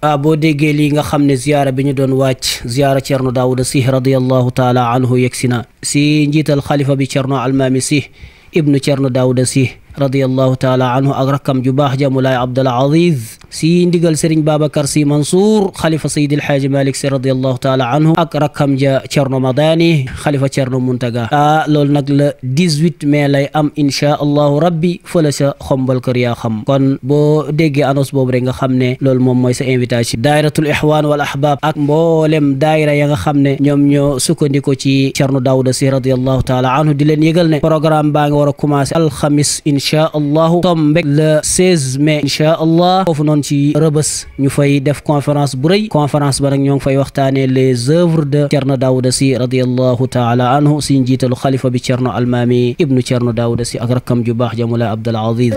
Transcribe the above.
Ah, boo déggee lii nga xam ne ziyaara bi ñu doon wàcc ziyaara Cerno Daawuda Si radiallahu taala anhu yegsi na si njiital xalifa bi Cerno Almaami Si ibnu Cerno Daawuda Si radiallahu taala anhu ak rakkam ju ja Mulaay Abdul Aziz si ndigal Serigne Babacar Sy Mansour xalifa Seydi El Hadji Malick Sy radiyallahu taala anhu ak rakkam ja Thierno Madani xalifa Thierno Muntaga ah nag la 18 mai lay am inchaa allahu rabbi fële sa xombal kër yaa xam kon boo déggee annonce boobu rek nga xam ne loolu moom mooy sa invitation daayratul ixwaan wal ahbab ak mboolem daayira ya nga xam ne ño ñoom ñoo sukkandiko ci Thierno Daouda Sy radiyallahu taala anhu di leen yëgal ne programme baa nga war a commencé alxamis inchaa allahu amoon ci rëbës ñu fay def conférence bu rëy conférence ba nag ñoo ngi fay waxtaanee les œuvres de Cerno Daouda Sy radiallahu taala anhu si njiitalu xalifa bi Cerno Almaami ibnu Cerno Daouda Sy ak rakkam ju baax jamula Abdul Aziz